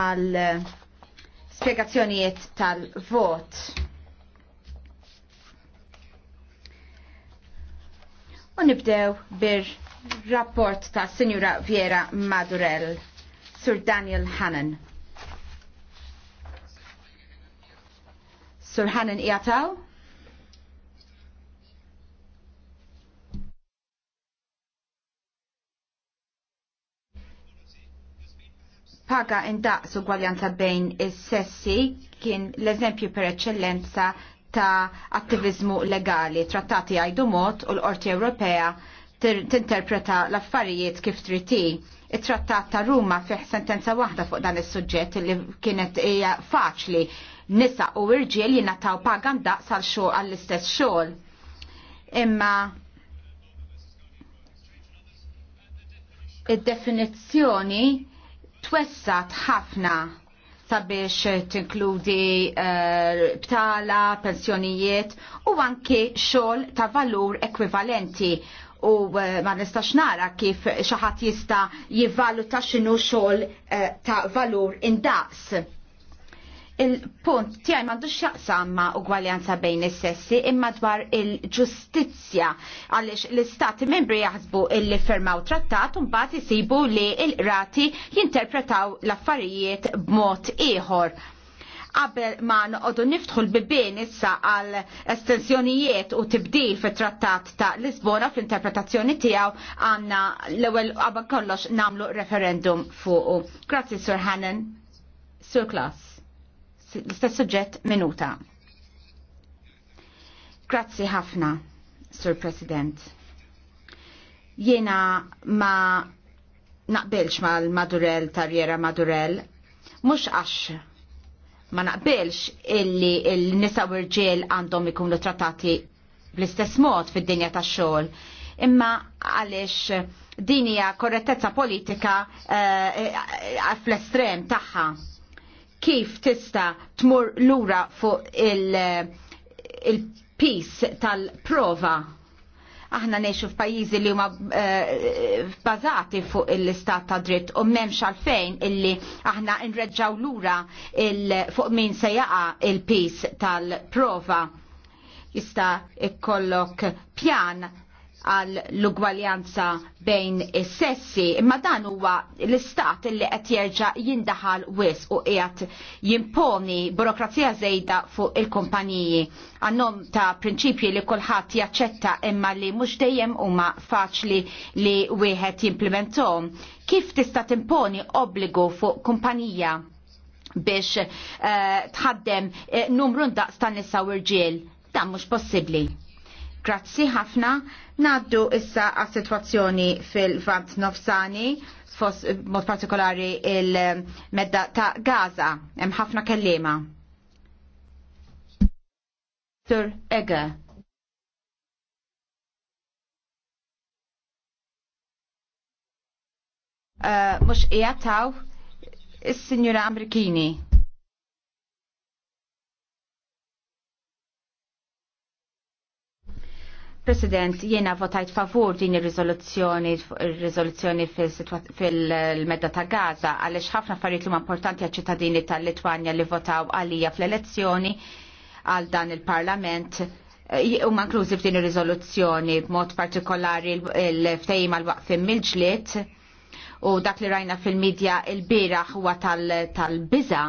għal eh, spiegazzjonijiet tal-vot. U nibdew bir rapport ta' signora Viera Madurell, Sur Daniel Hannan. Sur Hannan jgħataw? paga indaqs ugwaljanza bejn is-sessi kien l-eżempju per eċċellenza ta' attivizmu legali. Trattati għajdu mod u l-Qorti Ewropea tinterpreta l-affarijiet kif triti. It-trattat ta' Ruma fih sentenza waħda fuq dan is-suġġett li kienet hija faċli nisa u irġiel jingħataw pagan daqs għal xogħol għall-istess xogħol. Imma id-definizzjoni twessat ħafna sabiex tinkludi eh, btala, pensjonijiet u anki xogħol ta' valur ekvivalenti u eh, ma nistax nara kif xi ħadd jista' jivvaluta x'inhu xogħol eh, ta' valur indaqs il-punt tiegħi m'għandux x'jaqsam ma' ugwaljanza bejn is-sessi imma dwar il-ġustizzja għaliex l-istati membri jaħsbu illi firmaw trattat u mbagħad isibu li l-rati jinterpretaw l-affarijiet b'mod ieħor qabel ma noqogħdu niftħu l-bibien issa għal estensjonijiet u tibdil fit trattat ta' Lisbona fl-interpretazzjoni tiegħu għandna l-ewwel qabel kollox nagħmlu referendum fuq. Grazzi Sur Hannan. Sur Klass l-istess suġġett minuta. Grazzi ħafna, Sur President. Jena ma naqbilx mal-Madurell, tarjera Madurell, mux għax ma naqbilx illi l nisa u rġiel għandhom ikunu trattati bl-istess mod fid-dinja tax xogħol. Imma għaliex din hija korrettezza politika uh, fl-estrem tagħha kif tista tmur lura fuq il-pis il tal-prova. Aħna neħxu f'pajjiżi li huma eh, bbażati fuq l-istat ta' dritt u memx għalfejn illi aħna nreġġaw lura fuq min se jaqa il-pis tal-prova jista' ikkollok pjan għal l-ugwaljanza bejn is-sessi, imma dan huwa l-istat li qed jerġa' jindaħal wis u qiegħed jimponi burokrazija żejda fuq il-kumpaniji għannom ta' prinċipji li kulħadd jaċċetta imma li mhux dejjem huma faċli li wieħed jimplementom. Kif tista' timponi obbligu fuq kumpanija biex uh, tħaddem uh, numru ndaqs tan nisa u rġiel? Dan mhux possibbli. Grazzi ħafna. Naddu issa għas situazzjoni fil-Vant Nofsani, fos mod partikolari il-medda ta' Gaza. Hemm ħafna kellima. Sur Ege. Uh, mux ijataw, il-Signora Amrikini. President, jiena votajt favur din ir-riżoluzzjoni riżoluzzjoni fil-medda ta' Gaza għaliex ħafna affarijiet huma importanti għaċ-ċittadini tal-Litwanja li votaw għalija fl-elezzjoni għal dan il-Parlament huma inklużi f'din ir-riżoluzzjoni b'mod partikolari l-ftehim għal waqfim mill-ġlied u dak li rajna fil-medja il-biraħ huwa tal biza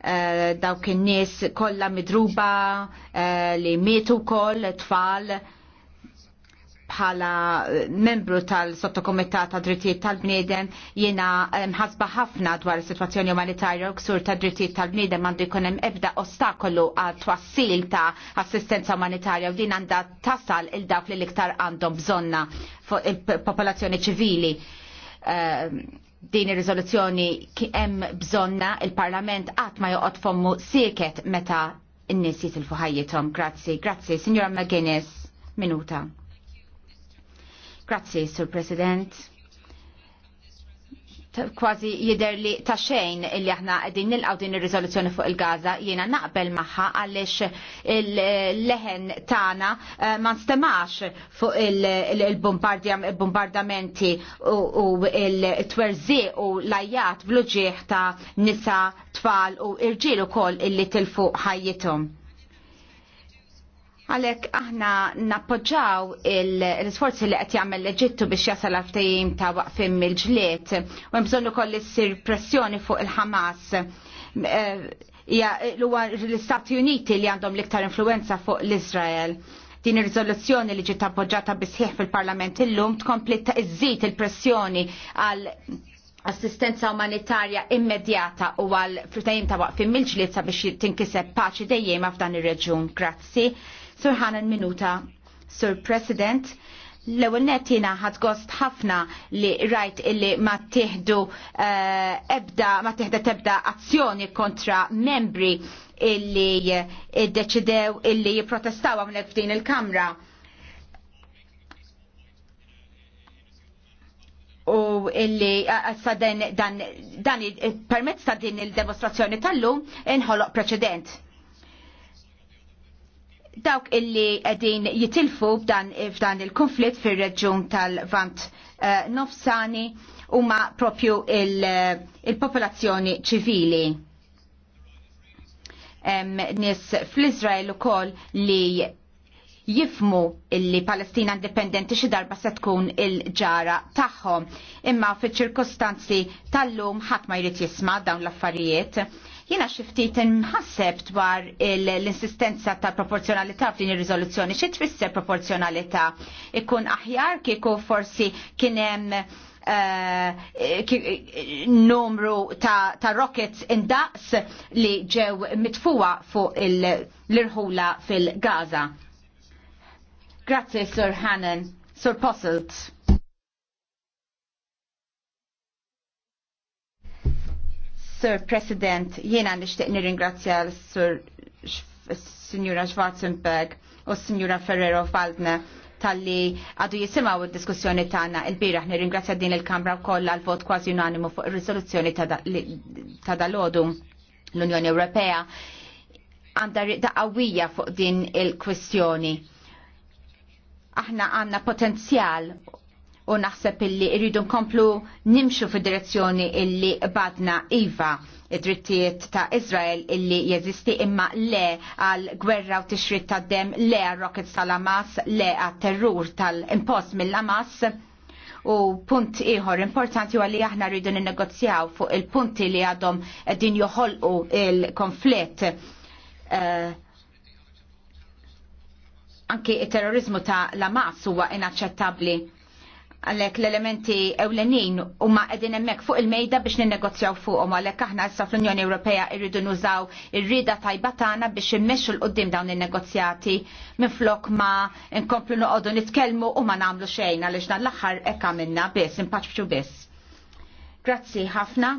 eh, dawk in-nies kollha midruba eh, li mietu kol, tfal bħala eh, membru tal-sottokomitat ta' drittijiet tal-bniedem jiena eh, mħasba ħafna dwar is-sitwazzjoni umanitarja u ksur ta' drittijiet tal-bniedem għandu jkun hemm ebda ostakolu għal twassil ta' assistenza umanitarja u din għandha tasal il dawk li l-iktar għandhom bżonna fuq il-popolazzjoni ċivili. Eh, din ir-riżoluzzjoni hemm bżonna il-Parlament qatt ma joqgħod fommu sieket meta n-nies jitilfu ħajjithom. Grazzi, grazzi, Signora McGuinness, minuta. Grazzi, Sur President. Kważi jider li ta' xejn li aħna qegħdin nilqgħu din ir-riżoluzzjoni fuq il-Gaza jiena naqbel magħha għaliex il-leħen tagħna eh, ma nstemax fuq il-bombardamenti u il-twerżiq u lajjat bluġieħ ta' nisa tfal u irġiel ukoll illi tilfu ħajjithom Għalek aħna nappoġġaw l-sforzi li qed jagħmel l-Eġittu biex jasal ftehim ta' waqfim mill-ġlied u hemm bżonn ukoll issir pressjoni fuq il-Ħamas. Eh, huwa l-Istati Uniti li għandhom l-iktar influenza fuq l-Iżrael. Din ir-riżoluzzjoni li ġiet appoġġata bisħieħ fil-Parlament illum tkompli ta' iżżid il-pressjoni għal assistenza umanitarja immedjata u għal flutajim ta' waqfim mill-ġlied sabiex tinkiseb paċi dejjem f'dan ir-reġjun. Grazzi. Sur Hanan Minuta, Sur President, l-ewel nettina ħad gost ħafna li rajt illi ma tiħdu uh, eh, ebda, ma tiħda tebda azzjoni kontra membri illi id-deċidew eh, illi jiprotestaw għamlek f'din il-kamra. u illi sa dan, dan, dan permezz ta' din il-demonstrazzjoni tal-lum inħoloq preċedent dawk illi qegħdin jitilfu b'dan, f'dan il-konflitt fir-reġjun tal-Vant uh, Nofsani huma propju eh, il-popolazzjoni il ċivili. Um, nis fl-Izrael ukoll li jifmu illi Palestina indipendenti xi darba se tkun il-ġara tagħhom. Imma fiċ ċirkostanzi tal-lum ħadd ma jrid jisma' dawn l-affarijiet. Jena xiftit nħasseb dwar l-insistenza ta' proporzjonalità f'din ir-riżoluzzjoni. Xi tfisser proporzjonalità? Ikun aħjar kieku forsi kien hemm eh, numru ta' rockets indaqs li ġew mitfuwa fuq l-irħula fil-Gaza. Grazie, Sir Hannan. Sir Posselt. Sir President, jiena nixtieq nirringrazzja l-Sir Signora Schwarzenberg u Signora Ferrero Faldne tal-li għadu jisimaw il-diskussjoni tagħna il-biraħ nirringrazzja din il-Kamra koll għal-vot kważi unanimu fuq ir-riżoluzzjoni ta' dalodu l-Unjoni Ewropea għandha riqda qawwija fuq din il-kwestjoni. Aħna għandna potenzjal u naħseb illi irridu nkomplu nimxu fid-direzzjoni illi badna Iva id-drittijiet ta' Izrael illi jeżisti imma le għal gwerra u tixrid ta' dem, le għal rockets tal amas le għal terrur tal-impost mill amas U punt ieħor importanti għalli aħna rridu ninnegozjaw fuq il-punti li għadhom din joħolqu il-konflitt. Uh, anki il-terrorizmu ta' Lamas huwa inaċċettabbli għalek l-elementi ewlenin u ma għedin emmek fuq il-mejda biex ninnegozjaw fuqhom għalek aħna issa fl-Unjoni Ewropea irridu nużaw ir-rida tajba tagħna biex immexxu l qoddim dawn in-negozjati minflok ma nkomplu noqogħdu nitkellmu u ma nagħmlu xejn għaliex dan l-aħħar hekk għamilna biss impaċċu biss. Grazzi ħafna,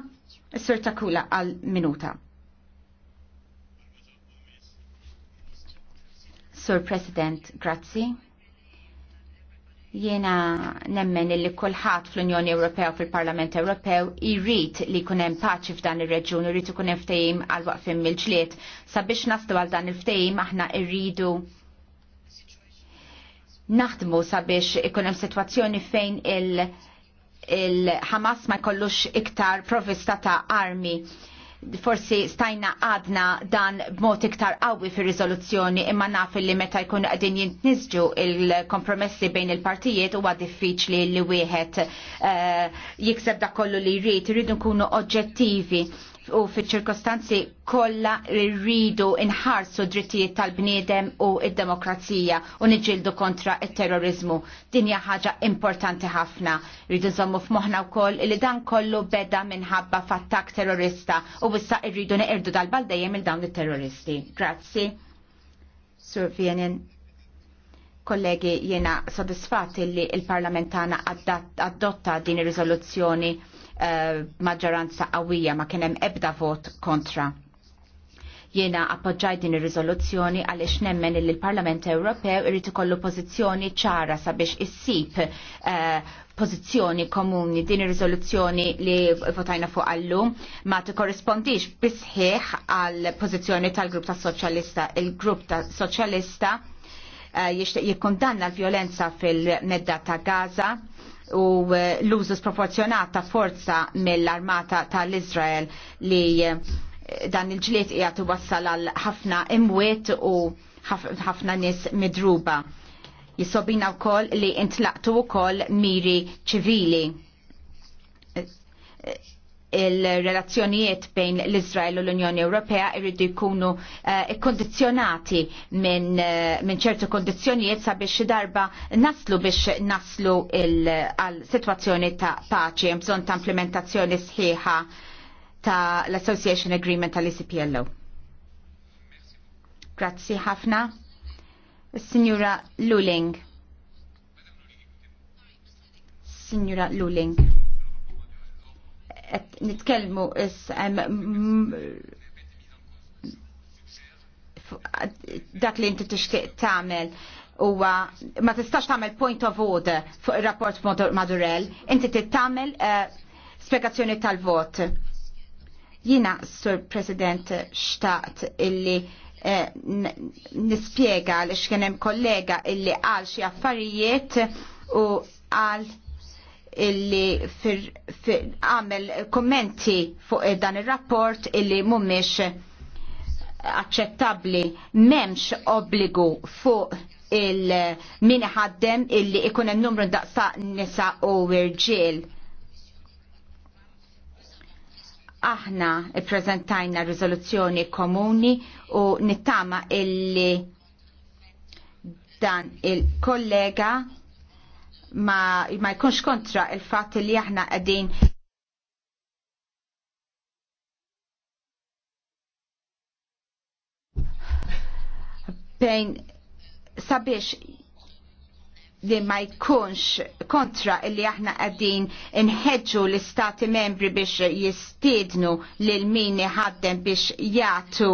s-sur takula għal minuta. Sur President, grazzi. Jena nemmen li kulħadd fl-Unjoni Ewropew fil-Parlament Ewropew jirrit li jkun hemm paċi f'dan ir-reġjun, irrid ikun hemm ftehim għal waqfim mill-ġlied. Sabiex nastu għal dan il ftejim aħna rridu naħdmu sabiex ikun hemm sitwazzjoni fejn il- il-Hamas ma jkollux iktar provvista ta' armi forsi stajna għadna dan b'mod iktar qawwi fir rizoluzzjoni imma naf li meta jkun qegħdin jintniżġu il-kompromessi bejn il-partijiet huwa diffiċli li wieħed uh, jikseb dak kollu li jrid, irridu nkunu oġġettivi u fil-ċirkostanzi kollha rridu inħarsu drittijiet tal-bniedem u id-demokrazija u nġildu kontra il-terrorizmu. Dinja ħaġa importanti ħafna. Rridu nżommu f'moħna wkoll li dan kollu beda minħabba fattak terrorista u wissa rridu neqirdu dal baldejem il-dawn il-terroristi. Grazzi. Sur Vienin kollegi jena soddisfat li il-parlamentana adotta din ir-riżoluzzjoni Eh, maġġoranza qawwija ma kien hemm ebda vot kontra. Jiena appoġġaj din ir-riżoluzzjoni għaliex nemmen li l-Parlament Ewropew irid ikollu pożizzjoni ċara sabiex issib eh, pożizzjoni komuni din ir-riżoluzzjoni li votajna fuq allum ma tikkorrispondix bisħiħ għal pożizzjoni tal-grupp tas soċjalista. Il-grupp ta' soċjalista eh, jixtieq jikkundanna l-vjolenza fil-medda ta' Gaza u eh, l-użu sproporzjonat ta' forza mill-armata tal-Izrael li eh, dan il-ġliet qiegħed wassal għal ħafna imwiet u ħafna nies midruba. Jisobina wkoll li intlaqtu wkoll miri ċivili eh, il-relazzjonijiet bejn l-Izrael u l-Unjoni Ewropea irridu jkunu eh, kondizjonati eh, minn ċertu kondizjonijiet sabiex xi darba naslu biex naslu għal situazzjoni ta' paċi hemm bżonn ta' implementazzjoni sħiħa ta' l-Association Agreement tal-ICPLO. Grazzi ħafna. Signora Luling. Signora Luling qed is dak li inti tixtieq tagħmel huwa ma tistax tagħmel point of order fuq ir-rapport Madurell, inti tagħmel eh, spjegazzjoni tal-vot. Jina, Sur President, xtaqt illi eh, nispjega li x'kien hemm kollega illi qal xi affarijiet u għal illi għamel kommenti fuq dan il-rapport illi mumiex accettabli memx obbligu fuq il-min ħaddem illi ikun hemm numru daqsa nisa u irġiel. Aħna prezentajna riżoluzzjoni komuni u nittama illi dan il-kollega ma, ma jkunx kontra il-fatt li aħna qegħdin bejn sabiex li ma jkunx kontra li aħna qegħdin inħeġġu l-istati membri biex jistiednu lil min ħaddem biex jagħtu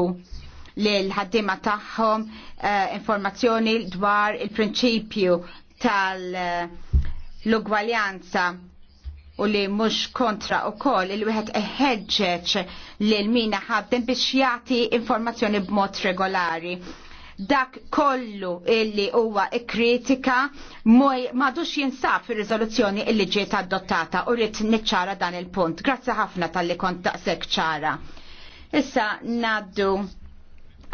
lil ħaddiema tagħhom uh, informazzjoni dwar il-prinċipju tal-ugwaljanza u li mhux kontra u koll il-wieħed li lil mina ħabden biex jagħti informazzjoni b'mod regolari. Dak kollu illi huwa kritika madux jinsab fir riżoluzzjoni illi ġiet adottata u rrid niċċara dan il-punt. Grazzi ħafna tal-li kont taqsek ċara. Issa naddu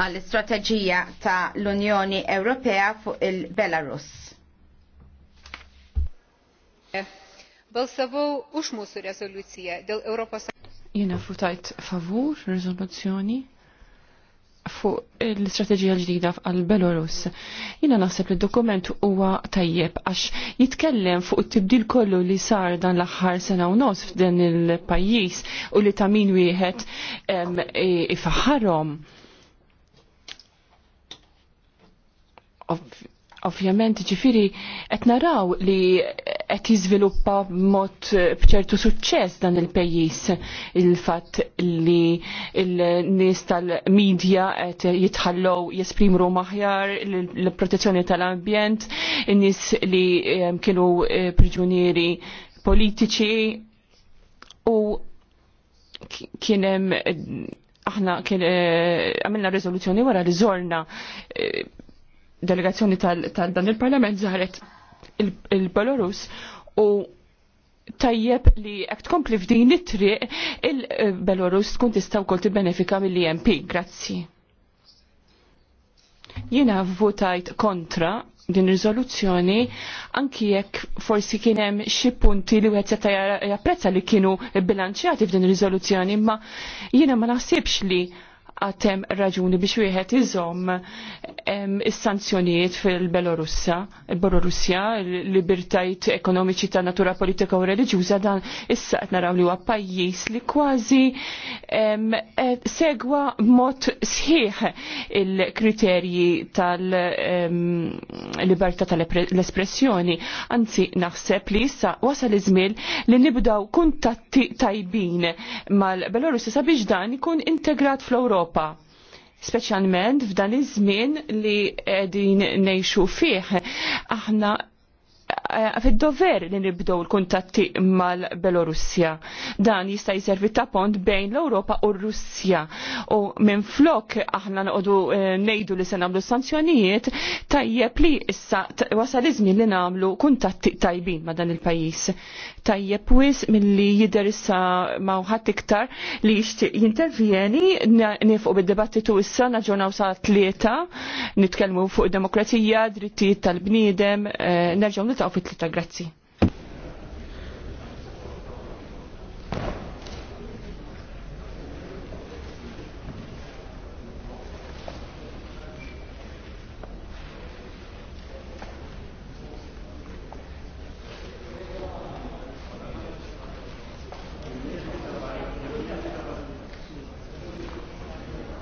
għall-istrateġija ta' l-Unjoni Ewropea fuq il-Belarus. Balsavau už mūsų rezoliuciją dėl Europos. Jena futajt favur rezoluzzjoni fuq l-istrateġija ġdida għal Belarus. Jina naħseb li dokument huwa tajjeb għax jitkellem fuq it-tibdil kollu li sar dan l-aħħar sena u nos f'din il-pajjiż u li ta' min wieħed ifaħħarhom. Ovvjament ġifiri qed naraw li qed jiżviluppa mod bċertu suċċess dan il-pejjiż il-fatt li l-nies tal-medja qed jitħallow jesprimru maħjar l-protezzjoni tal-ambjent, in-nies li ehm, kienu eh, priġunieri politiċi u kien hemm aħna kien eh, għamilna riżoluzzjoni wara li żorna eh, delegazzjoni tal-dan il-parlament zaħret il-Belarus u tajjeb li għek tkompli f'din it-triq il-Belarus tkun tista' wkoll tibbenefika mill-EMP. Grazzi. Jiena votajt kontra din riżoluzzjoni anki jekk forsi kien hemm xi punti li wieħed seta' japprezza li kienu bilanċjati f'din riżoluzzjoni, imma jiena ma naħsibx li għatem raġuni biex wieħed iżom is-sanzjonijiet fil-Belorussa, il-Belorussja, l-libertajt ekonomiċi ta' natura politika u reliġjuża dan issa qed naraw li huwa pajjiż li kważi segwa mod sħiħ il-kriterji tal-libertà tal-espressjoni. Anzi, naħseb li issa wasal iż-żmien li nibdaw kuntatti tajbin mal-Belorussja sabiex dan ikun integrat fl-Ewropa fl-Ewropa speċjalment f'dan iż-żmien li qegħdin ngħixu fih aħna Eh, fid-dover li nibdow l-kuntatti mal-Belorussja. Dan jista' jiservi ta' pont bejn l-Ewropa u r-Russja. U minn flok aħna noqogħdu eh, ngħidu li se nagħmlu sanzjonijiet tajjeb li issa wasal iżmien li nagħmlu kuntatti tajbin ma' dan il-pajjiż. Tajjeb wis milli jidher issa ma' ħadd iktar li jixtieq jintervjeni nifqu bid-dibattitu issa naġġornaw sa' tlieta nitkellmu fuq demokrazija, drittijiet tal-bniedem, eh, nerġgħu nitgħu fit-tlieta grazzi.